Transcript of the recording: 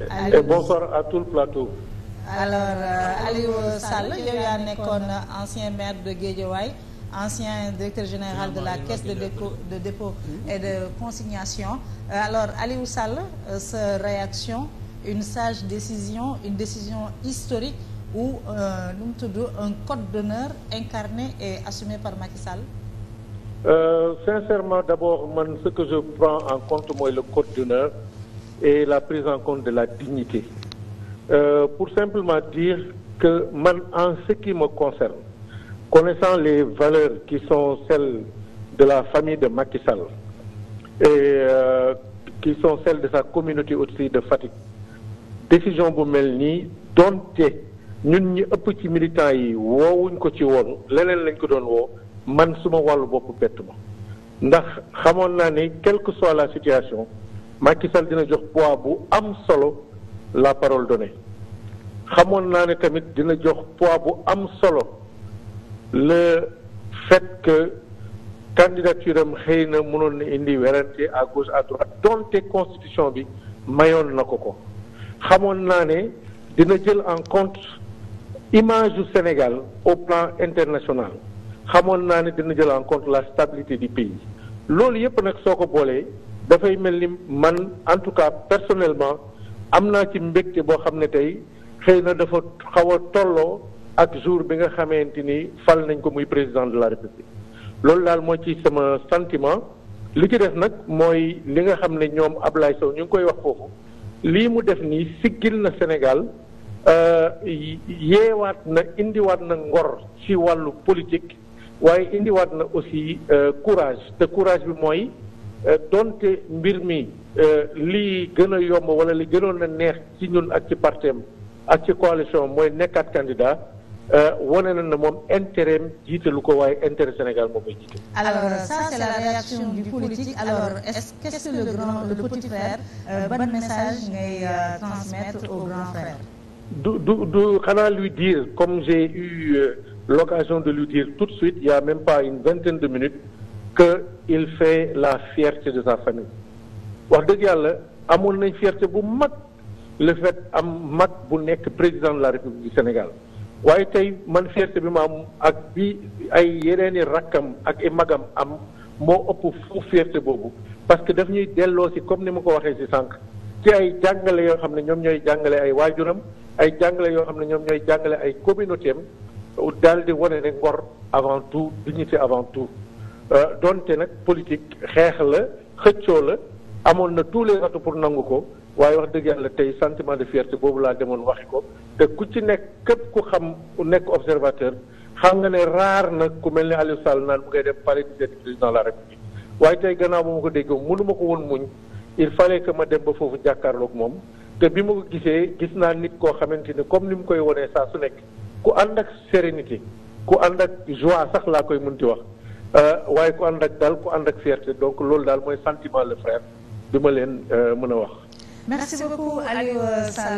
Et bonsoir à tout le plateau. alors euh, Aliou Sall yow yaa nekkoon ancien maire de Guédiawaye ancien directeur général de la caisse de dépôt et de consignation euh, alors Aliou Sall euh, sa réaction une sage décision une décision historique ou nu mu tudd un code d'honneur incarné et assumé par Macky sincèrement d'abord man ce que je prends en compte mooy le code d'honneur et la prise en compte de la dignité. Euh, pour simplement dire que man, en ce qui me concerne, connaissant les valeurs qui son celles de la famille de Macky Sall et euh, qui sont celles de sa communauté aussi de Fatick décision bu mel nii donte ñun ñi ëpp ci militants yi woowuñ ko ci woon leneen lañ ko doon woo man suma wàllu bopp bett ma ndax xamoon naa ni quelle que soit la situation Macky Sall dina jox poids bu am solo la parole donnée xamoon naa ne tamit dina jox poids bu am solo le fait que candidature am xëy na mënoon na indi werante à gauche à droite donte constitution bi mayoon na ko ko xamoon naa ne dina jël en contre image du Sénégal au plan international xamoon naa ne dina jël en compte la stabilité di pays loolu yëpp nag soo ko boolee dafay mel ni man en tout cas personnellement am naa ci mbégte boo xam ne tey xëy na dafa xaw a tolloo ak jour bi nga xamante ni fal nañ ko muy président de la république loolu daal moo ci sama sentiment li ci def nag mooy li nga xam ne ñoom Ablaye Sow ñu ngi koy wax foofu lii mu def nii siggil na Sénégal euh, yeewaat na indiwaat na ngor ci wàllu politique waaye indiwaat na aussi euh, courage te courage bi mooy Euh, donte mbir mi euh, li gën a yomb wala li gënoon a neex ci ñun ak ci partem ak ci coalition mooy nekkaat candidat euh, wane na ne moom intérêt jiite lu ko waaye intérêt Sénégal moom mooy jiite. alors ça c'est la réaction du politique alors est-ce qu'est-ce que le grand le petit frère ban message ngay transmettre au grand frère. du du du xanaa lui dire comme j'ai eu l'occasion de lui dire tout de suite il même pas une vingtaine de minutes que il fait la fierté de sa famille wax dëgg yàlla amoon nañ fierté bu mag le fait am mag bu nekk président de la république du Sénégal waaye tey man fierté bi ma am ak bi ay yeneeni rakkam ak i magam am moo ëpp fu fierté boobu parce que daf ñuy delloo si comme ni ma ko waxee si sànq ci ay jàngale yoo xam ne ñoom ñooy jàngale ay waajuram ay jàngale yoo xam ne ñoom ñooy jàngale ay communauté am daal di wane ne ngor avant tout dignité avant tout Euh, donte nag politique xeex la xëccoo la amoon na tous les atouts pour nangu ko waaye wax dëgg yàlla tey sentiment de fierté boobu laa demoon waxi ko te ku ci nekk képp ku xam ku nekk observateur xam nga ne raar nag ku mel ne Aliou Sall naan bu ngay dem palais du président de la République waaye tey gannaaw ba ma ko déggee mënu ma ko woon muñ il fallait que ma dem ba foofu jàkkaarloog moom te bi ma ko gisee gis naa nit koo xamante ni comme ni mu koy wonee saa su nekk ku ànd ak sérénité ku ànd ak joie laa koy mën ti wax Euh, waaye ku ànd ak daal ku ànd ak fierté donc loolu daal mooy sentiment le frère bi ma leen euh, mën a wax. merci beaucoup Aliou Sall